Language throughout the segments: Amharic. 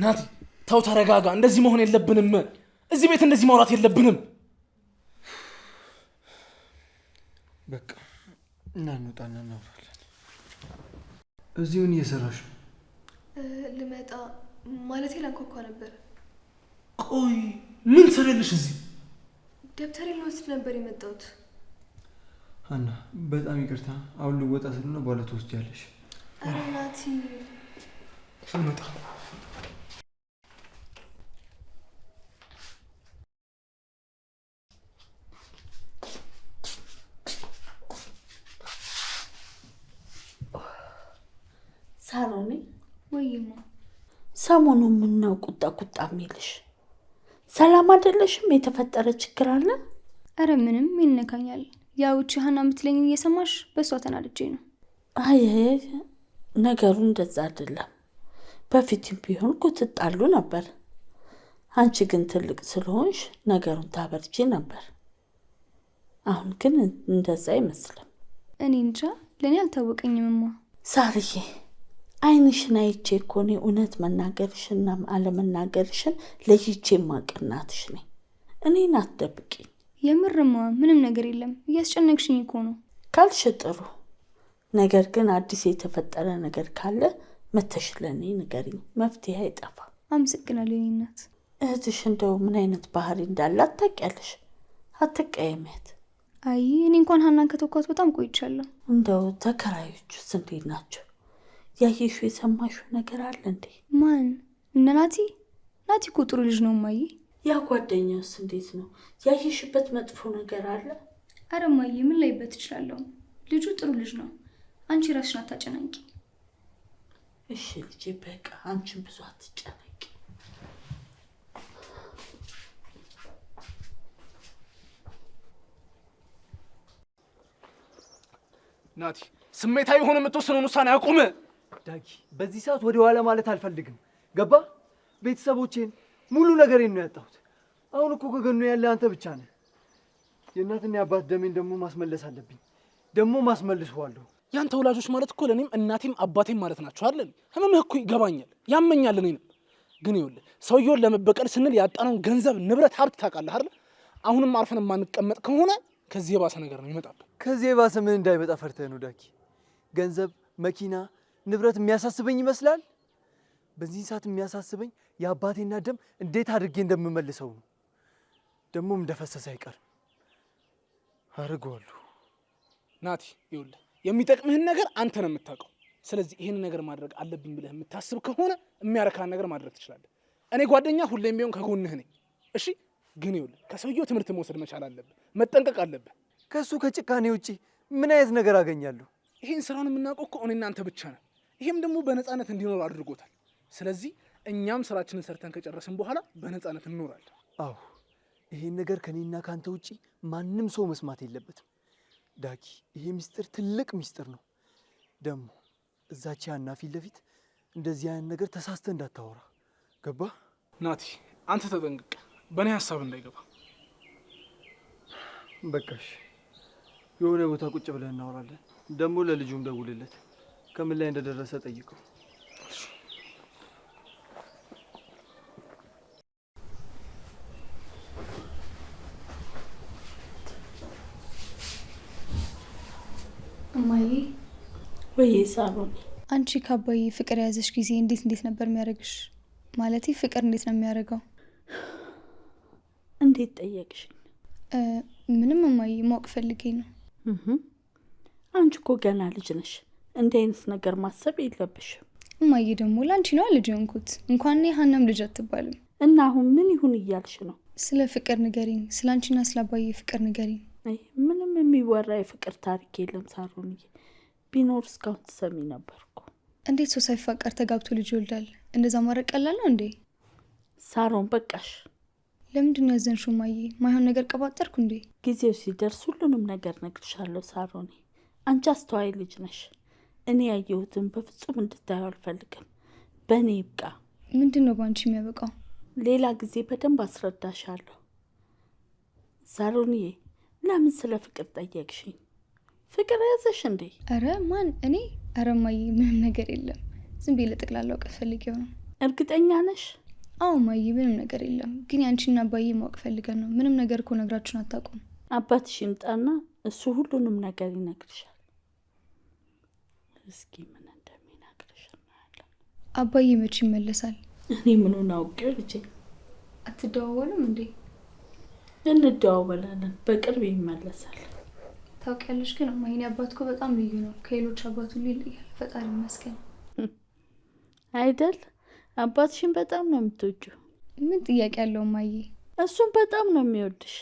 ናቲ ተው ተረጋጋ። እንደዚህ መሆን የለብንም። እዚህ ቤት እንደዚህ ማውራት የለብንም። በቃ እና እንውጣና እናውራለን። እዚህ ምን እየሰራሽ ነው? ልመጣ ማለቴ ላንኳኳ ነበር። ቆይ ምን ሰሪልሽ? እዚህ ደብተሬ ልወስድ ነበር የመጣሁት። አና በጣም ይቅርታ። አሁን ልወጣ ስለሆነ በኋላ ትወስጃለሽ። ኧረ ናቲ ስመጣ ሳሎኔ ወይማ ሰሞኑን ምነው ቁጣ ቁጣ የሚልሽ? ሰላም አይደለሽም? የተፈጠረ ችግር አለ? አረ ምንም ይነካኛል። ያውቺ ሀና የምትለኝ እየሰማሽ በእሷ ተናድጄ ነው። አይ ነገሩ እንደዛ አይደለም። በፊትም ቢሆን እኮ ነበር። አንቺ ግን ትልቅ ስለሆንሽ ነገሩን ታበርጂ ነበር። አሁን ግን እንደዛ አይመስልም። እኔ እንጃ፣ ለእኔ አልታወቀኝምማ ሳርዬ አይንሽን አይቼ እኮ እኔ እውነት መናገርሽና አለመናገርሽን ለይቼ ማቅናትሽ ነኝ። እኔን አትደብቂኝ። የምርማ ምንም ነገር የለም እያስጨነቅሽኝ እኮ ነው። ካልሽ ጥሩ ነገር ግን አዲስ የተፈጠረ ነገር ካለ መተሽ ለእኔ ንገሪኝ። መፍትሄ አይጠፋ። አመሰግናለሁ የእኔ እናት። እህትሽ እንደው ምን አይነት ባህሪ እንዳላት ታውቂያለሽ? አትቀየሚያት። አይ እኔ እንኳን ሀናን ከተኳት በጣም ቆይቻለሁ። እንደው ተከራዮቹስ እንዴት ናቸው? ያየሽው የሰማሽው ነገር አለ እንዴ? ማን? እነ ናቲ? ናቲ እኮ ጥሩ ልጅ ነው እማዬ። ያ ጓደኛስ እንዴት ነው? ያየሽበት መጥፎ ነገር አለ? አረ እማዬ ምን ላይበት እችላለሁ? ልጁ ጥሩ ልጅ ነው። አንቺ ራስሽን አታጨናንቂ። እሺ ልጄ በቃ አንቺን ብዙ አትጨናቂ። ናቲ ስሜታዊ የሆነ የምትወስነውን ውሳኔ አቁም። ዳጊ፣ በዚህ ሰዓት ወደ ኋላ ማለት አልፈልግም። ገባ? ቤተሰቦቼን ሙሉ ነገሬን ነው ያጣሁት። አሁን እኮ ከገኑ ያለ አንተ ብቻ ነህ። የእናትና የአባት ደሜን ደግሞ ማስመለስ አለብኝ። ደግሞ ማስመልሰዋለሁ። ያንተ ወላጆች ማለት እኮ ለእኔም እናቴም አባቴም ማለት ናቸው አለን ህመምህ እኮ ይገባኛል፣ ያመኛል። እኔንም ግን ይኸውልህ ሰውየውን ለመበቀል ስንል ያጣነውን ገንዘብ፣ ንብረት፣ ሀብት ታውቃለህ አይደል? አሁንም አርፈን የማንቀመጥ ከሆነ ከዚህ የባሰ ነገር ነው ይመጣብህ። ከዚህ የባሰ ምን እንዳይመጣ ፈርተህ ነው ዳኪ? ገንዘብ፣ መኪና ንብረት የሚያሳስበኝ ይመስላል። በዚህ ሰዓት የሚያሳስበኝ የአባቴና ደም እንዴት አድርጌ እንደምመልሰው ነው። ደሞም እንደፈሰሰ አይቀርም አድርገዋለሁ። ናቲ ይኸውልህ፣ የሚጠቅምህን ነገር አንተ ነው የምታውቀው። ስለዚህ ይህን ነገር ማድረግ አለብኝ ብለህ የምታስብ ከሆነ የሚያረካን ነገር ማድረግ ትችላለህ። እኔ ጓደኛ ሁሌም ቢሆን ከጎንህ ነኝ። እሺ፣ ግን ይኸውልህ፣ ከሰውየው ትምህርት መውሰድ መቻል አለብህ፣ መጠንቀቅ አለብህ። ከእሱ ከጭካኔ ውጪ ምን አይነት ነገር አገኛለሁ? ይህን ስራውን የምናውቀው እኮ እኔ እናንተ ብቻ ነን። ይሄም ደግሞ በነፃነት እንዲኖር አድርጎታል። ስለዚህ እኛም ስራችንን ሰርተን ከጨረስን በኋላ በነፃነት እንኖራለን። አዎ ይሄን ነገር ከኔና ካንተ ውጪ ማንም ሰው መስማት የለበትም ዳኪ። ይሄ ሚስጥር ትልቅ ሚስጥር ነው። ደግሞ እዛች ያና ፊት ለፊት እንደዚህ አይነት ነገር ተሳስተ እንዳታወራ ገባ? ናቲ አንተ ተጠንቅቅ፣ በእኔ ሀሳብ እንዳይገባ። በቃሽ፣ የሆነ ቦታ ቁጭ ብለን እናወራለን። ደግሞ ለልጁም ደውልለት። ከምን ላይ እንደደረሰ ጠይቀው። እማዬ ወይ ሳሮን፣ አንቺ ከአባዬ ፍቅር የያዘሽ ጊዜ እንዴት እንዴት ነበር የሚያደርግሽ? ማለት ፍቅር እንዴት ነው የሚያደርገው? እንዴት ጠየቅሽ? ምንም እማዬ፣ ማወቅ ፈልጌ ነው። አንቺ እኮ ገና ልጅ ነሽ። እንዲህ አይነት ነገር ማሰብ የለብሽም። እማዬ ደግሞ ለአንቺ ነዋ ልጅ ሆንኩት። እንኳን ሀናም ልጅ አትባልም። እና አሁን ምን ይሁን እያልሽ ነው? ስለ ፍቅር ንገሪኝ፣ ስለ አንቺና ስለ አባዬ ፍቅር ንገሪኝ። ምንም የሚወራ የፍቅር ታሪክ የለም ሳሮንዬ። ቢኖር እስካሁን ትሰሚ ነበርኩ። እንዴት ሰው ሳይፋቀር ተጋብቶ ልጅ ይወልዳል? እንደዛ ማድረግ ቀላል ነው እንዴ? ሳሮን በቃሽ። ለምንድን ነው ያዘንሽው እማዬ? ማይሆን ነገር ቀባጠርኩ እንዴ? ጊዜው ሲደርስ ሁሉንም ነገር ነግርሻለሁ ሳሮኔ። አንቺ አስተዋይ ልጅ ነሽ። እኔ ያየሁትን በፍጹም እንድታየው አልፈልግም። በእኔ ይብቃ። ምንድን ነው በአንቺ የሚያበቃው? ሌላ ጊዜ በደንብ አስረዳሻለሁ። ሳሮንዬ፣ ለምን ስለ ፍቅር ጠየቅሽኝ? ፍቅር ያዘሽ እንዴ? አረ ማን እኔ? ኧረ እማዬ፣ ምንም ነገር የለም። ዝም ብዬ ለጠቅላላ እውቀት ፈልጌው ነው። እርግጠኛ ነሽ? አዎ እማዬ፣ ምንም ነገር የለም። ግን ያንቺና አባዬ ማወቅ ፈልገን ነው። ምንም ነገር እኮ ነግራችሁን አታውቁም። አባትሽ ይምጣና እሱ ሁሉንም ነገር ይነግርሻል። እስኪ ምን እንደሚነግርሽ እናያለን። አባዬ መች ይመለሳል? እኔ ምኑን አውቄው ልጄ። አትደዋወልም እንዴ? እንደዋወላለን። በቅርብ ይመለሳል። ታውቂያለሽ ግን እማዬ፣ እኔ አባት እኮ በጣም ልዩ ነው። ከሌሎች አባት ሁሉ ይለያል። ፈጣሪ ይመስገን። አይደል? አባትሽን በጣም ነው የምትወጂው። ምን ጥያቄ አለው እማዬ? እሱም በጣም ነው የሚወድሽ።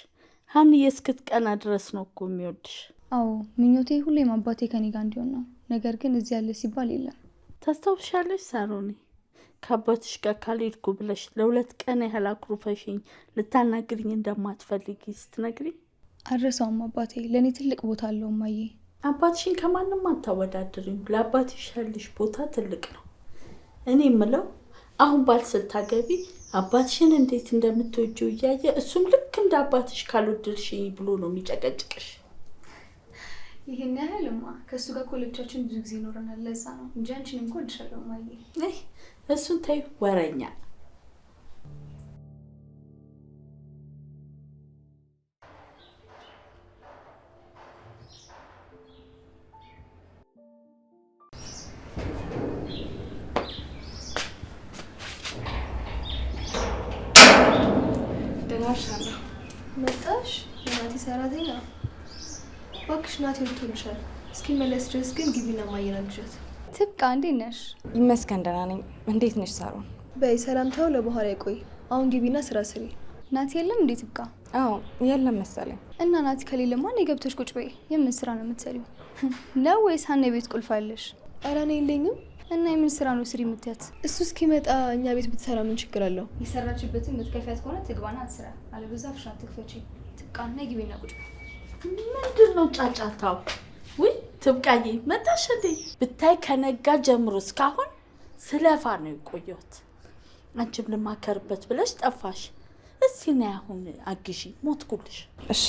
ሀንዬ እስክትቀና ድረስ ነው እኮ የሚወድሽ። አዎ ምኞቴ ሁሌም አባቴ ከኔ ጋር እንዲሆን ነው። ነገር ግን እዚህ ያለ ሲባል የለም። ታስታውሻለሽ ሳሮኒ ከአባትሽ ጋር ካልሄድኩ ብለሽ ለሁለት ቀን ያህል አኩርፈሽኝ ልታናግርኝ እንደማትፈልጊ ስትነግሪኝ አረሳውም። አባቴ ለእኔ ትልቅ ቦታ አለው። ማዬ አባትሽን ከማንም አታወዳድሪኝ። ለአባትሽ ያለሽ ቦታ ትልቅ ነው። እኔ ምለው አሁን ባል ስታገቢ አባትሽን እንዴት እንደምትወጂው እያየ እሱም ልክ እንደ አባትሽ ካልወደድሽኝ ብሎ ነው የሚጨቀጭቅሽ። ይሄን ያህልማ ከእሱ ጋር ኮሌጆቻችን ብዙ ጊዜ ይኖረናል። ለዛ ነው እንጂ አንቺን እንኳን እድሻለሁ እሱን ተይ ወረኛ ደራሻለሁ መጣሽ እናቴ ሰራተኛ እባክሽ ናት ይልቶልሻል። እስኪመለስ ድረስ ግን ግቢና ማየናግዣት። ትብቃ እንዴት ነሽ? ይመስገን ደህና ነኝ። እንዴት ነሽ ሳሮን? በይ ሰላምታው ለበኋላ ይቆይ። አሁን ግቢና ስራ ስሪ። ናቲ የለም እንዴ ትብቃ? አዎ የለም መሰለኝ። እና ናቲ ከሌለ ማን የገብተሽ ቁጭ በይ። የምን ስራ ነው የምትሰሪው? ነው ወይስ ሀና የቤት ቁልፍ አለሽ? ኧረ እኔ የለኝም። እና የምን ስራ ነው ስሪ የምትያት? እሱ እስኪመጣ እኛ ቤት ብትሰራ ምን ችግር አለው? የሰራችበትን ምትከፊያት ከሆነ ትግባና አትስራ፣ አለበዛ ፍሻ ትክፈቺ። ትብቃና ግቢና ቁጭ በይ ምንድን ነው ጫጫታው? ውይ ትብቃዬ መጣሽ እንዴ? ብታይ ከነጋ ጀምሮ እስካሁን ስለፋ ነው የቆየሁት። አንቺም ልማከርበት ብለሽ ጠፋሽ። እስኪ ነይ አሁን አግዢ፣ ሞትኩልሽ። እሺ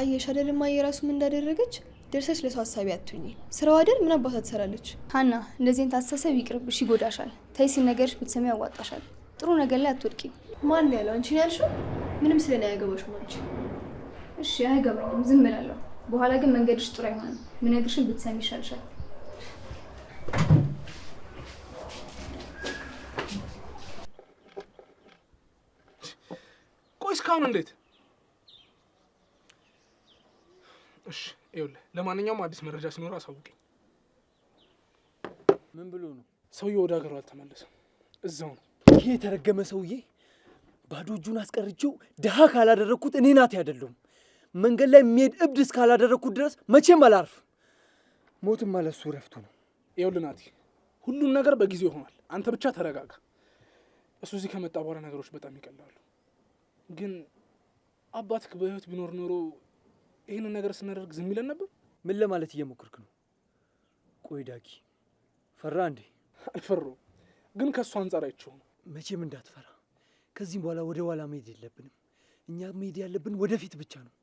አየሽ አይደል እማዬ ራሱ ምን እንዳደረገች ደርሰሽ ለሰው ሀሳቢ አትሁኝ። ስራው አይደል ምን አባቷ ትሰራለች? ሀና እንደዚህን ታሳሰብ ይቅርብሽ፣ ይጎዳሻል። ተይ ሲነገርሽ ብትሰሚ ያዋጣሻል። ጥሩ ነገር ላይ አትወድቂ። ማን ያለው አንቺን ያልሽው? ምንም ስለ ላይ ያገባሽ ማች። እሺ አይገባኝም፣ ዝም እላለሁ። በኋላ ግን መንገድሽ ጥሩ አይሆንም። ምነግርሽን ብትሰሚ ይሻልሻል። ቆይ እስካሁን እንዴት? እሺ ይኸውልህ፣ ለማንኛውም አዲስ መረጃ ሲኖር አሳውቀኝ። ምን ብሎ ነው ሰውዬ ወደ ሀገሩ አልተመለሰም፣ እዛው ነው። ይሄ የተረገመ ሰውዬ ባዶ እጁን አስቀርቼው ድሃ ካላደረግኩት እኔ ናት አይደለሁም። መንገድ ላይ የሚሄድ እብድ እስካላደረግኩት ድረስ መቼም አላርፍ። ሞትም ማለሱ ረፍቱ ነው። ይኸውልህ ሁሉም ነገር በጊዜው ይሆናል። አንተ ብቻ ተረጋጋ። እሱ እዚህ ከመጣ በኋላ ነገሮች በጣም ይቀላሉ። ግን አባትህ በህይወት ቢኖር ኖሮ ይህንን ነገር ስናደርግ ዝም ይለን ነበር። ምን ለማለት እየሞከርክ ነው? ቆይ ዳጊ፣ ፈራ እንዴ? አልፈሩ፣ ግን ከእሱ አንጻር አይቼው ነው። መቼም እንዳትፈራ ከዚህም በኋላ ወደ ኋላ መሄድ የለብንም። እኛ መሄድ ያለብን ወደፊት ብቻ ነው።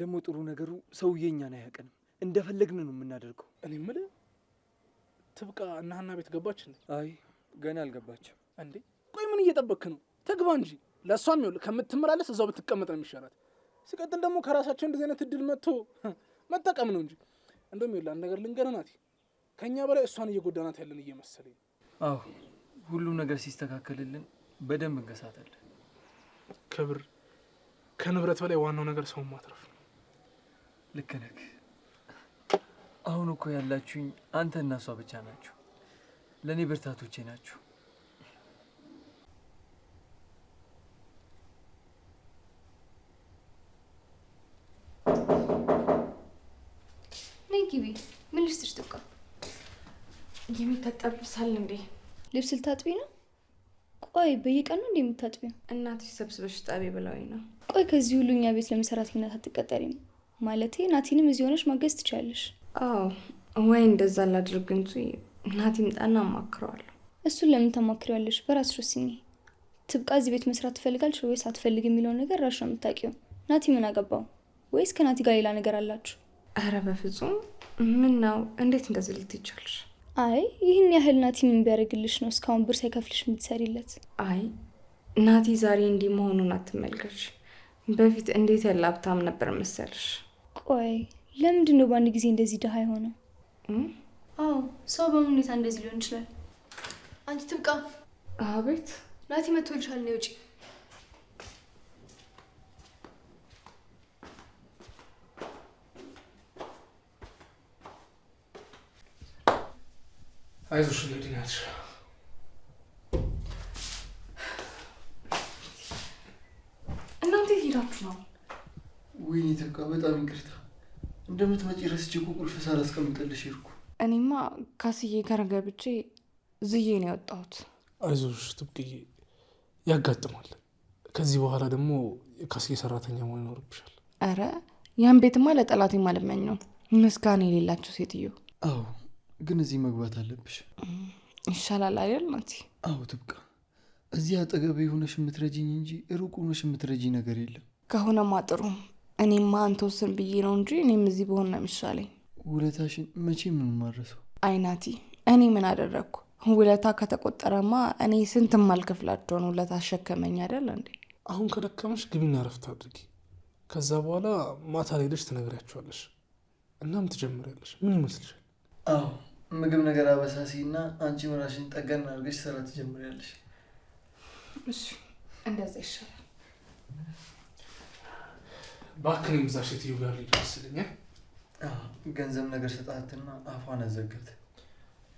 ደግሞ ጥሩ ነገሩ ሰውዬ እኛን አያውቀንም፣ እንደፈለግን ነው የምናደርገው። እኔ የምልህ ትብቃ እና ቤት ገባች እንዴ? አይ ገና አልገባችም። እንዴ ቆይ ምን እየጠበክ ነው? ትግባ እንጂ። ለእሷም ይኸውልህ ከምትመላለስ እዛው ብትቀመጥ ነው የሚሻላት። ሲቀጥል ደግሞ ከራሳቸው እንደዚህ አይነት እድል መጥቶ መጠቀም ነው እንጂ እንደውም ይኸውልህ አንድ ነገር ልንገርህ ናቲ፣ ከእኛ በላይ እሷን እየጎዳናት ያለን እየመሰለኝ። አዎ ሁሉም ነገር ሲስተካከልልን በደንብ እንገሳታለን። ክብር ከንብረት በላይ ዋናው ነገር ሰውን ማትረፍ ነው። ልክ ነህ። አሁን እኮ ያላችሁኝ አንተ እና እሷ ብቻ ናችሁ። ለእኔ ብርታቶቼ ናችሁ። ነይ ግቢ። ምን ልብስሽ ጥቃ የሚታጠብ ልብስ አለ እንዴ? ልብስ ልታጥቢ ነው? ቆይ በየቀኑ እንዴ የምታጥቢው? እናትሽ ሰብስበሽ ጣቢ ብለውኝ ነው። ቆይ ከዚህ ሁሉ እኛ ቤት ለመሰራት ናት አትቀጠሪም? ማለቴ ናቲንም እዚህ ሆነሽ ማገዝ ትችያለሽ። አዎ ወይ እንደዛ ላድርግ እንጂ ናቲ ምጣና አማክረዋለሁ። እሱን ለምን ታማክሪዋለሽ? በራስ ወስኚ። ትብቃ እዚህ ቤት መስራት ትፈልጋለሽ ወይስ አትፈልግ የሚለውን ነገር ራሽ ነው የምታውቂው። ናቲ ምን አገባው? ወይስ ከናቲ ጋር ሌላ ነገር አላችሁ? አረ በፍጹም ምን ነው! እንዴት እንደዚህ ልትይቻለሽ? አይ ይህን ያህል ናቲ ምን ቢያደርግልሽ ነው እስካሁን ብር ሳይከፍልሽ የምትሰሪለት? አይ ናቲ ዛሬ እንዲህ መሆኑን አትመልከች። በፊት እንዴት ያለ ሀብታም ነበር መሰልሽ። ቆይ ለምንድን ነው በአንድ ጊዜ እንደዚህ ድሃ የሆነው? አዎ ሰው በምን ሁኔታ እንደዚህ ሊሆን ይችላል? አንቺ ትብቃ። አቤት ናቲ መቶልሻል፣ ነይ ውጪ አይዞሽ እንግዲህ እናንተ ሄዳችሁ ነው? ወይኔ ተካ፣ በጣም ይቅርታ። እንደምትመጪ ረስቼ እኮ ቁልፍ ሳላስቀምጥልሽ ሄድኩ። እኔማ ካስዬ ጋር ገብቼ ዝዬ ነው የወጣሁት። አይዞሽ ትብቅዬ፣ ያጋጥማል። ከዚህ በኋላ ደግሞ ካስዬ ሰራተኛ መሆን ይኖርብሻል። ኧረ ያን ቤትማ ለጠላቴ ማለመኝ ነው። ምስጋና የሌላቸው ሴትዮ። አዎ ግን እዚህ መግባት አለብሽ። ይሻላል አይደል? ናቲ። አዎ ትብቃ። እዚህ አጠገቤ የሆነሽ የምትረጂኝ እንጂ ሩቅ ሆነሽ የምትረጂኝ ነገር የለም። ከሆነማ ጥሩ። እኔማ አንተ ወስን ብዬ ነው እንጂ እኔም እዚህ በሆን ነው የሚሻለኝ። ውለታሽን መቼ ምን ማረሰው? አይ ናቲ፣ እኔ ምን አደረግኩ? ውለታ ከተቆጠረማ እኔ ስንት ማልከፍላቸውን ውለታ አሸከመኝ አይደል እንዴ? አሁን ከደከመሽ ግቢና ረፍት አድርጊ። ከዛ በኋላ ማታ ላይ ትነግሪያቸዋለሽ። እናም ትጀምሪያለሽ። ምን ይመስልሻል? አዎ ምግብ ነገር አበሳሲ እና አንቺ ምራሽን ጠገን አድርገሽ ስራ ትጀምሪያለሽ። እሺ እንደዛ ይሻላል። እባክህን እዛ ሴትዮ ጋር ልጅ መስልኛል። ገንዘብ ነገር ስጣትና አፏን አዘገት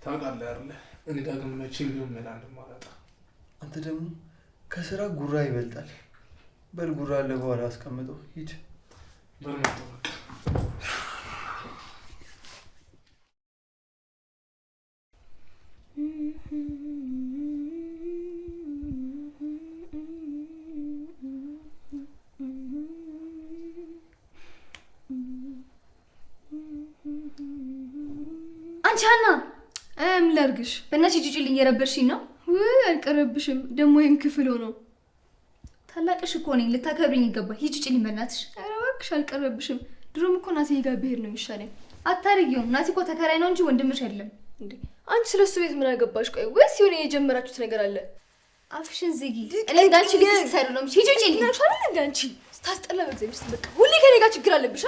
ታውቃለህ አይደለ? እኔ ዳግም መቼ ቢሆን መላ እንደማላጣ። አንተ ደግሞ ከስራ ጉራ ይበልጣል። በል ጉራ አለ በኋላ አስቀምጠው ሂድ። በል መጣ በቃ አንቺ ሀና ምን ላድርግሽ? በእናትሽ ጭጭልኝ፣ የረበሽኝ ነው። አልቀረብሽም ደግሞ ይህም ክፍል ሆኖ ታላቅሽ እኮ ነኝ፣ ልታከብርኝ ይገባል። ሂጂ ጭጭልኝ በእናትሽ። ኧረ እባክሽ አልቀረብሽም። ድሮም እኮ ናቴ ጋር ብሄድ ነው የሚሻለኝ። አታርጊውም። ናቴ እኮ ተከራይ ነው እንጂ ወንድምሽ አይደለም። እንዴ አንቺ ስለሱ ቤት ምን አገባሽ? ቆይ ወይስ የሆነ የጀመራችሁት ነገር አለ? አፍሽን ዝጊ። እኔ እንዳንቺ ልክ ሳይደለም። ሂጂ ጭጭልኝ። ታስጠላ። በእግዚአብሔር በቃ ሁሌ ከኔ ጋር ችግር አለብሻ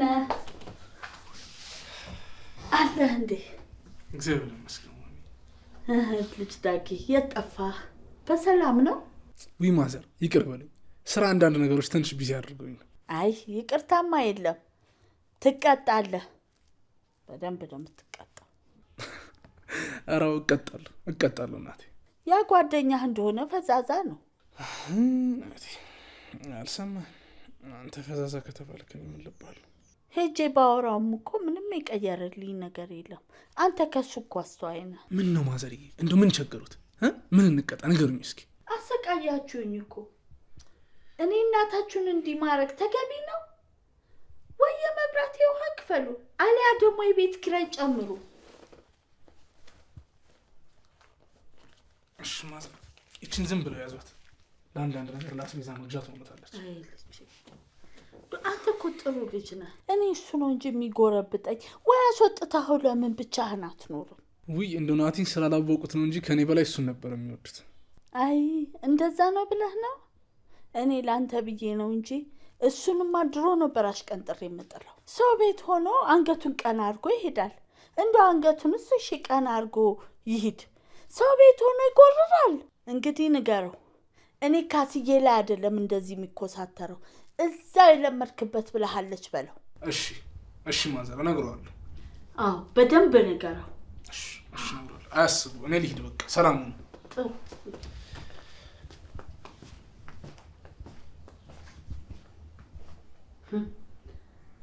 ነህ? እንዴ? እግዚአብሔር ይመስገን። ልጅ ዳጊ የት በሰላም ነው? ዊ ማዘር ይቅር በለኝ። ስራ አንዳንድ ነገሮች ትንሽ ቢዚ አድርገኝ ነው። አይ ይቅርታማ የለም ትቀጣለህ። በደንብ ነው የምትቀጣው። ኧረ እቀጣለሁ እቀጣለሁ እናቴ። ያ ጓደኛህ እንደሆነ ፈዛዛ ነው። አልሰማህም አንተ ፈዛዛ ከተባልክ ምን ሄጄ ባወራውም እኮ ምንም የቀየረልኝ ነገር የለም። አንተ ከሱ እኮ አስተዋይ ነህ። ምን ነው ማዘርዬ፣ እንደው ምን ቸገሩት? ምን እንቀጣ? ንገሩኝ እስኪ። አሰቃያችሁኝ እኮ እኔ እናታችሁን እንዲህ ማድረግ ተገቢ ነው ወይ? የመብራት የውሃ ክፈሉ፣ አሊያ ደግሞ የቤት ኪራይ ጨምሩ። እሺ ማዘር፣ ይችን ዝም ብለው ያዟት። ለአንዳንድ ነገር ለአስቤዛ መግዣት ሆኖታለች። አንተ እኮ ጥሩ ልጅ ነህ። እኔ እሱ ነው እንጂ የሚጎረብጠኝ ወይ አስወጥታኸው ለምን ብቻህን አትኖርም? ውይ እንደ ናቲን ስላላወቁት ነው እንጂ ከእኔ በላይ እሱን ነበር የሚወዱት። አይ እንደዛ ነው ብለህ ነው? እኔ ለአንተ ብዬ ነው እንጂ እሱንማ ድሮ ነበር አሽቀንጥሬ የምጥለው። ሰው ቤት ሆኖ አንገቱን ቀና አድርጎ ይሄዳል። እንደ አንገቱን እሱ ሺ ቀና አድርጎ ይሂድ። ሰው ቤት ሆኖ ይጎርራል። እንግዲህ ንገረው። እኔ ካስዬ ላይ አይደለም እንደዚህ የሚኮሳተረው እዛ የለመድክበት ብለሃለች በለው። እሺ እሺ፣ ማዘር እነግረዋለሁ። አዎ በደንብ ንገረው። አያስቡ፣ እኔ ልሂድ በቃ። ሰላም ነው።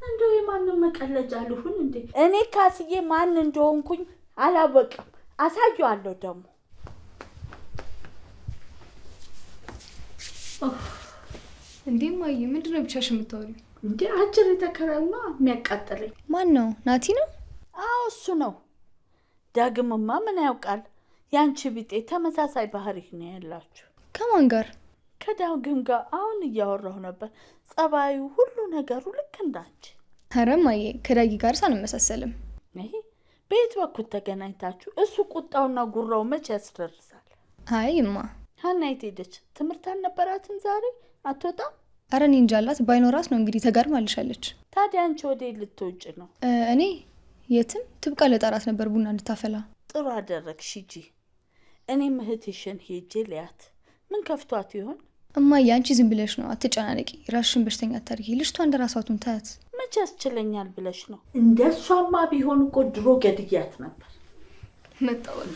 እንደው የማንም መቀለጃ ልሁን እንዴ? እኔ ካስዬ ማን እንደሆንኩኝ አላወቅም። አሳየዋለሁ ደግሞ እንዴ ማየ፣ ምንድነው ብቻሽ የምታወሪው? እንዲ አጭር የተከረና የሚያቃጠለኝ ማን ነው? ናቲ ነው? አዎ እሱ ነው። ዳግምማ ምን ያውቃል? የአንቺ ቢጤ ተመሳሳይ ባህሪ ነው ያላችሁ። ከማን ጋር? ከዳግም ጋር አሁን እያወራሁ ነበር። ጸባዩ፣ ሁሉ ነገሩ ልክ እንዳንቺ። ኧረ ማየ፣ ከዳጊ ጋርስ አንመሳሰልም። ይሄ በየት በኩል ተገናኝታችሁ? እሱ ቁጣውና ጉራው መቼ ያስደርሳል? አይ እማ ሀና የት ሄደች? ትምህርት አልነበራትም ዛሬ አትወጣም? አረ እኔ እንጃ አላት። ባይኖራት ነው እንግዲህ ተጋድማልሻለች። ታዲያ አንቺ ወደ ልትወጪ ነው? እኔ የትም ትብቃ ለጠራት ነበር ቡና እንድታፈላ። ጥሩ አደረግሽ ሂጂ። እኔም እህትሽን ሄጄ ልያት። ምን ከፍቷት ይሆን? እማዬ አንቺ ዝም ብለሽ ነው፣ አትጨናነቂ። ራስሽን በሽተኛ አታርጊ። ልጅቷ እንደ ራሷቱን ታያት። መቼ ያስችለኛል ብለሽ ነው? እንደ እሷማ ቢሆን እኮ ድሮ ገድያት ነበር። መጣ በቃ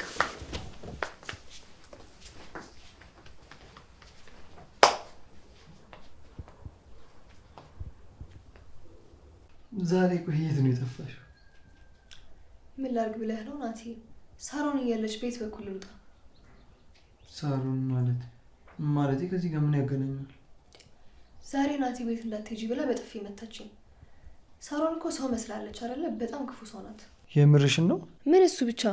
ዛሬ ቆይ የት ነው የጠፋሽው? ምን ላድርግ ብለህ ነው ናቲ? ሳሮን እያለች ቤት በኩል ልምጣ። ሳሮን ማለት ማለት ከዚህ ጋር ምን ያገናኛል? ዛሬ ናቲ ቤት እንዳትሄጂ ብላ በጥፊ መታችኝ። ሳሮን እኮ ሰው መስላለች አይደለ? በጣም ክፉ ሰው ናት። የምርሽን ነው? ምን እሱ ብቻ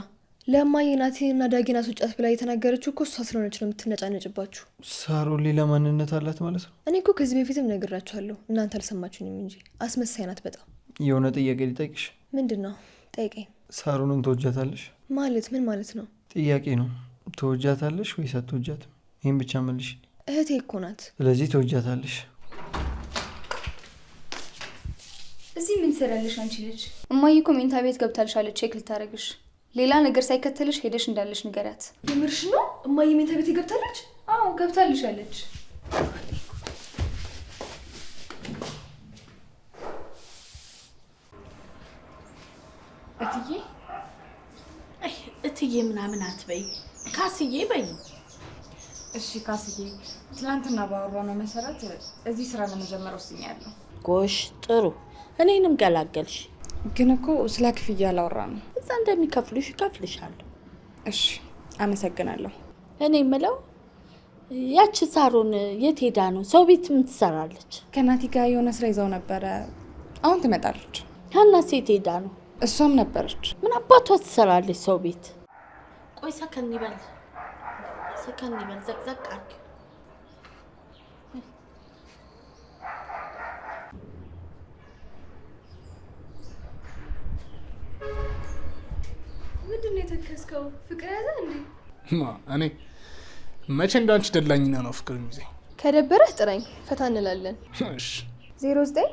ለማዬ ናቲን እና ዳጊን አስወጫት ብላ የተናገረችው እኮ እሷ ስለሆነች ነው የምትነጫነጭባችሁ። ሳሮን ሌላ ማንነት አላት ማለት ነው? እኔ እኮ ከዚህ በፊትም ነግራችኋለሁ፣ እናንተ አልሰማችሁኝም እንጂ አስመሳይ ናት በጣም የሆነ ጥያቄ ሊጠይቅሽ። ምንድን ነው? ጠይቀኝ። ሳሩንን ተወጃታለሽ? ማለት ምን ማለት ነው? ጥያቄ ነው። ተወጃታለሽ ወይስ አትወጃትም? ይህን ብቻ መልሽ። እህቴ እኮ ናት። ስለዚህ ተወጃታለሽ። እዚህ ምን ትሰራለሽ አንቺ ልጅ? እማዬ እኮ መኝታ ቤት ገብታልሻለች ቼክ ልታደርግሽ። ሌላ ነገር ሳይከተልሽ ሄደሽ እንዳለሽ ንገሪያት። የምርሽ ነው? እማዬ ሜንታ ቤት ገብታለች? አዎ አለች። እትዬ እትዬ ምናምን አትበይ፣ ካስዬ በይ። እሺ ካስዬ፣ ትናንትና ባወራነው መሰረት እዚህ ስራ ለመጀመር ወስኛለሁ። ጎሽ ጥሩ፣ እኔንም ገላገልሽ። ግን እኮ ስለ ክፍያ አላወራንም። እዛ እንደሚከፍሉሽ እከፍልሻለሁ። እሺ አመሰግናለሁ። እኔ ምለው ያች ሳሮን የት ሄዳ ነው? ሰው ቤት ምን ትሰራለች? ከናቲ ጋር የሆነ ስራ ይዘው ነበረ። አሁን ትመጣለች። ሀና ሴት ሄዳ ነው እሷም ነበረች። ምን አባቷ ትሰራለች ሰው ቤት? ቆይ ሰከን ይበል፣ ሰከን ይበል። ዘቅዘቅ አድርጊ። ምንድን ነው የተከስከው? ፍቅር ያዘ እንዴ? እኔ መቼ እንዳንቺ ደላኝና ነው ፍቅር ጊዜ ከደበረህ ጥራኝ፣ ፈታ እንላለን። ዜሮ ዘጠኝ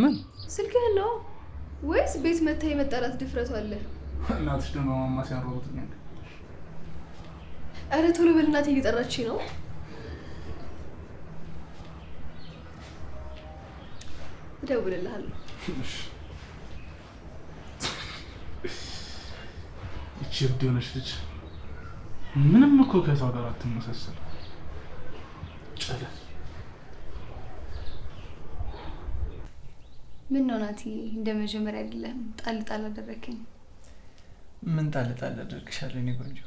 ምን ስልክህን ነው ወይስ ቤት መታ የመጣላት ድፍረቱ አለ? እናትሽ ደግሞ ማማ ሲያሮሩት ነው። አረ ቶሎ በል እናቴ እየጠራች ነው። እደውልልሃለሁ። እቺ እብድ የሆነች ልጅ ምንም እኮ ከሰው ጋር አትመሳሰል ጨለል ምን ነው ናቲ፣ እንደ መጀመሪያ አይደለም። ጣል ጣል አደረግኝ። ምን ጣል ጣል አደርግሻለሁ? እኔ ቆንጆ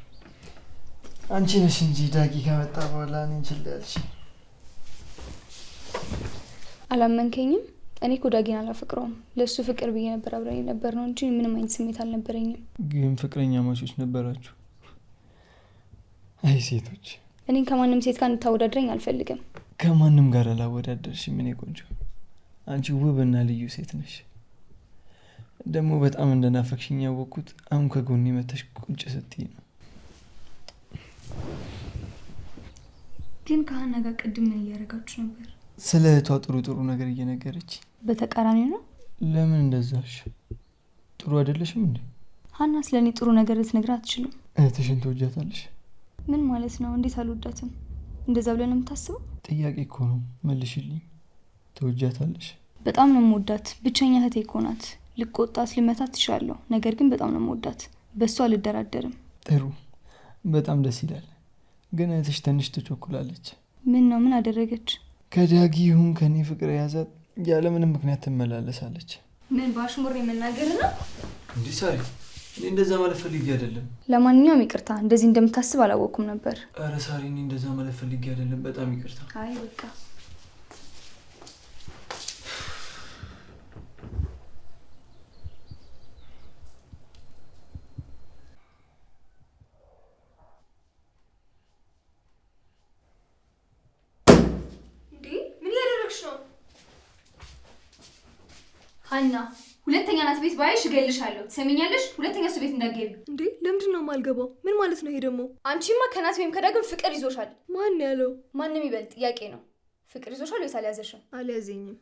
አንቺ ነሽ እንጂ ዳጊ ከመጣ በኋላ እኔ እንችላልሽ። አላመንከኝም? እኔ እኮ ዳጊን አላፈቅረውም። ለእሱ ፍቅር ብዬ ነበር አብረን የነበር ነው እንጂ ምንም አይነት ስሜት አልነበረኝም። ግን ፍቅረኛ ማቾች ነበራችሁ? አይ ሴቶች፣ እኔን ከማንም ሴት ጋር እንድታወዳድረኝ አልፈልግም። ከማንም ጋር አላወዳደርሽም። እኔ ቆንጆ አንቺ ውብና ልዩ ሴት ነሽ። ደግሞ በጣም እንደናፈቅሽኝ ያወቅኩት አሁን ከጎኔ መተሽ ቁጭ ስትይ ነው። ግን ከሀና ጋር ቅድም ምን እያደረጋችሁ ነበር? ስለ እህቷ ጥሩ ጥሩ ነገር እየነገረች በተቃራኒ ነው። ለምን እንደዛሽ? ጥሩ አይደለሽም እንዴ? ሀና ስለ እኔ ጥሩ ነገር ልትነግር አትችልም። እህትሽን ትወጃታለሽ? ምን ማለት ነው? እንዴት አልወዳትም? እንደዛ ብለን የምታስበው ጥያቄ እኮ ነው። መልሽልኝ ትውጃታለሽ? በጣም ነው የምወዳት። ብቸኛ እህቴ እኮ ናት። ልቆጣት፣ ልመታት ትሻለሁ፣ ነገር ግን በጣም ነው የምወዳት። በእሱ አልደራደርም። ጥሩ፣ በጣም ደስ ይላል። ግን እህትሽ ትንሽ ትቸኩላለች። ምን ነው? ምን አደረገች? ከዳጊ ይሁን ከኔ ፍቅር የያዛት ያለ ምንም ምክንያት ትመላለሳለች። ምን በአሽሙር የምናገር ነው? እንዲህ ሳሪ፣ እኔ እንደዛ ማለት ፈልጌ አይደለም። ለማንኛውም ይቅርታ፣ እንደዚህ እንደምታስብ አላወቅኩም ነበር። ኧረ ሳሪ፣ እኔ እንደዛ ማለት ፈልጌ አይደለም። በጣም ይቅርታ። አይ በቃ አና ሁለተኛ ናት ቤት ባይሽ እገልሻለሁ። ትሰሚኛለሽ? ሁለተኛ እሱ ቤት እንዳትገቢ። እንዴ ለምንድን ነው የማልገባው? ምን ማለት ነው ይሄ ደግሞ? አንቺማ ከናት ወይም ከዳግም ፍቅር ይዞሻል። ማን ያለው? ማንም ይበል ጥያቄ ነው። ፍቅር ይዞሻል ወይስ አልያዘሽም? አልያዘኝም።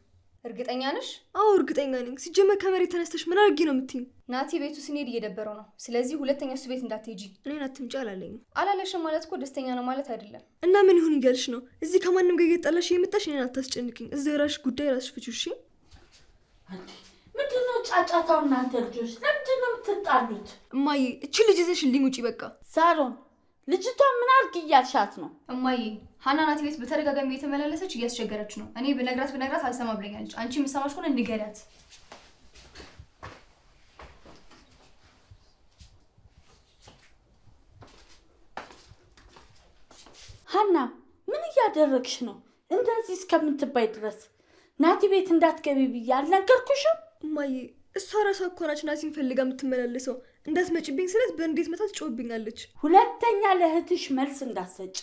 እርግጠኛ ነሽ? አዎ እርግጠኛ ነኝ። ሲጀመር ከመሬት ተነስተሽ ምን አድርጌ ነው የምትይኝ? ናቲ ቤቱ ስንሄድ እየደበረው ነው። ስለዚህ ሁለተኛ እሱ ቤት እንዳትሄጂ። እኔን አትምጪ አላለኝም። አላለሽም ማለት እኮ ደስተኛ ነው ማለት አይደለም። እና ምን ይሁን እያልሽ ነው? እዚህ ከማንም ጋር እየተጣላሽ የመጣሽ እኔን አታስጨንቅኝ። እዚ የራስሽ ጉዳይ ራስሽ ፍቹ። እሺ ምንድነው ጫጫታው? እናንተ ልጆች ለምንድነው የምትጣሉት? እማዬ እቺ ልጅ ይዘሽልኝ ውጪ በቃ። ሳሮን ልጅቷ ምን አድርግ እያልሻት ነው? እማዬ ሀና ናት ቤት በተደጋጋሚ የተመላለሰች እያስቸገረች ነው። እኔ ብነግራት ብነግራት አልሰማ ብለኛለች። አንቺ የምሰማሽ ከሆነ ንገሪያት። ሀና ምን እያደረግሽ ነው? እንደዚህ እስከምትባይ ድረስ ናቲ ቤት እንዳትገቢ ብዬ አልነገርኩሽም? እማዬ እሷ ራሷ እኮ ናች ናሲን ፈልጋ የምትመላለሰው። እንዳትመጭብኝ ስለት በእንዴት መታ ትጮህብኛለች። ሁለተኛ ለእህትሽ መልስ እንዳትሰጭ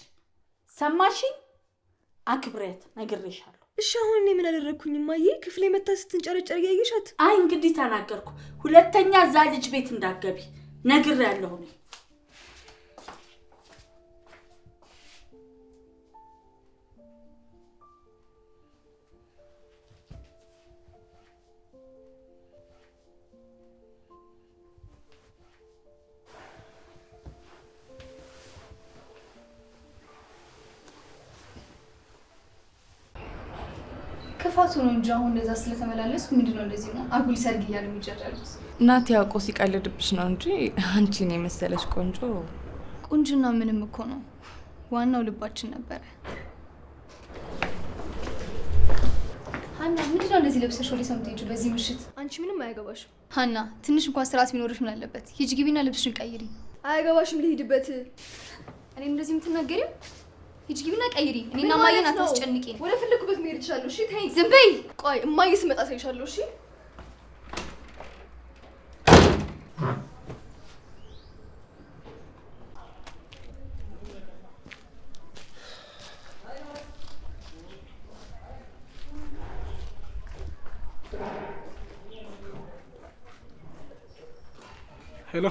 ሰማሽኝ? አክብሬት ነግሬሻለሁ። እሺ አሁን እኔ ምን አደረግኩኝ እማዬ? ክፍል መታ ስትንጨረጨር እያየሻት። አይ እንግዲህ ተናገርኩ። ሁለተኛ እዛ ልጅ ቤት እንዳትገቢ ነግሬያለሁ እኔ ክፋቱ ነው እንጂ አሁን እንደዛ ስለተመላለስኩ ምንድን ነው እንደዚህ ነው አጉል ሰርግ እያለ የሚጨረሩት? ናት ያውቆ ሲቀልድብሽ ነው እንጂ አንቺን የመሰለች ቆንጆ ቁንጅና ምንም እኮ ነው። ዋናው ልባችን ነበረ። ሀና ነው እንደዚህ ለብሰሽ ወደ ሰምት ሄጁ በዚህ ምሽት? አንቺ ምንም አያገባሽም ሀና። ትንሽ እንኳን ስርዓት ቢኖርሽ ምን አለበት? ሂጅ ግቢና ልብስሽን ቀይሪ። አያገባሽም፣ ልሂድበት። እኔ እንደዚህ የምትናገሪው ሂጂና ቀይሪ። እኔና ማየን አታስጨንቂ። ወደ ፈለኩበት መሄድ እችላለሁ። እሺ ተይ፣ ዝም በይ። ቆይ እማዬ ስመጣ ሳይሻለሁ። እሺ ሄሎ፣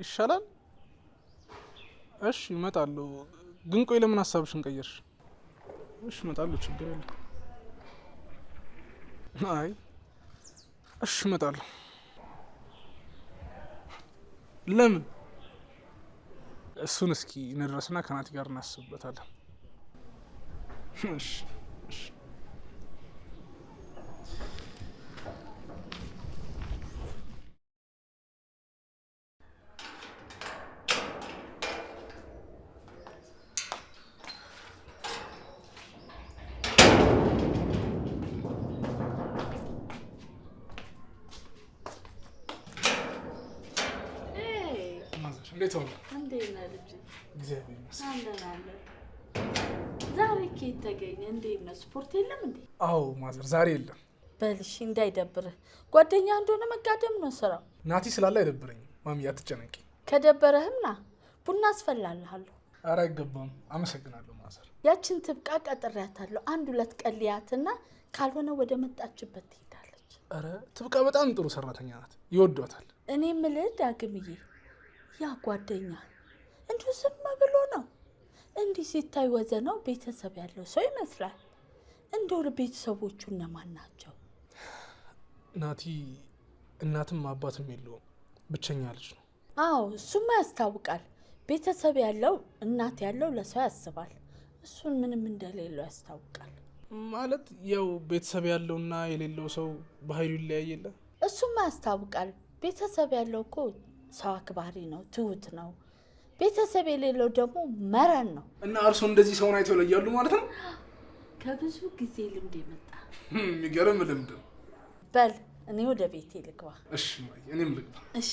ይሻላል እሺ እመጣለሁ። ግን ቆይ ለምን ሀሳብሽን ቀየርሽ? እሺ እመጣለሁ፣ ችግር የለም። አይ እሺ እመጣለሁ። ለምን? እሱን እስኪ እንድረስና ከናቲ ጋር እናስብበታለን። እሺ እንዴት ሆነ? ዛሬ ከየት ተገኘ? እንዴት ነው? ስፖርት የለም እንዴ? አዎ ማዘር፣ ዛሬ የለም። በልሽ እንዳይደብርህ፣ ጓደኛ እንደሆነ መጋደም ነው ስራው። ናቲ ስላለ አይደብረኝም። ማሚ አትጨነቂ። ከደበረህም ና ቡና አስፈላልሃለሁ። ኧረ አይገባም። አመሰግናለሁ ማዘር። ያችን ትብቃ ቀጥሬያታለሁ። አንድ ሁለት ቀልያትና ካልሆነ ወደ መጣችበት ትሄዳለች። ኧረ ትብቃ በጣም ጥሩ ሰራተኛ ናት፣ ይወዷታል። እኔ የምልህ ዳግምዬ ያ ጓደኛ እንዲሁ ዝም ብሎ ነው እንዲህ ሲታይ ወዘናው ቤተሰብ ያለው ሰው ይመስላል። እንደው ቤተሰቦቹ እነማን ናቸው? ናቲ እናትም አባትም የለውም፣ ብቸኛ ልጅ ነው። አዎ እሱማ ያስታውቃል። ቤተሰብ ያለው እናት ያለው ለሰው ያስባል። እሱን ምንም እንደሌለው ያስታውቃል። ማለት ያው ቤተሰብ ያለውና የሌለው ሰው ባህሪው ይለያያል እሱማ ያስታውቃል። ቤተሰብ ያለው እኮ ሰው አክባሪ ነው፣ ትሁት ነው። ቤተሰብ የሌለው ደግሞ መረን ነው። እና እርሱ እንደዚህ ሰውን አይተው ለያሉ ማለት ነው። ከብዙ ጊዜ ልምድ የመጣ የሚገርም ልምድ ነው። በል እኔ ወደ ቤቴ ልግባ። እሺ፣ እኔም ልግባ። እሺ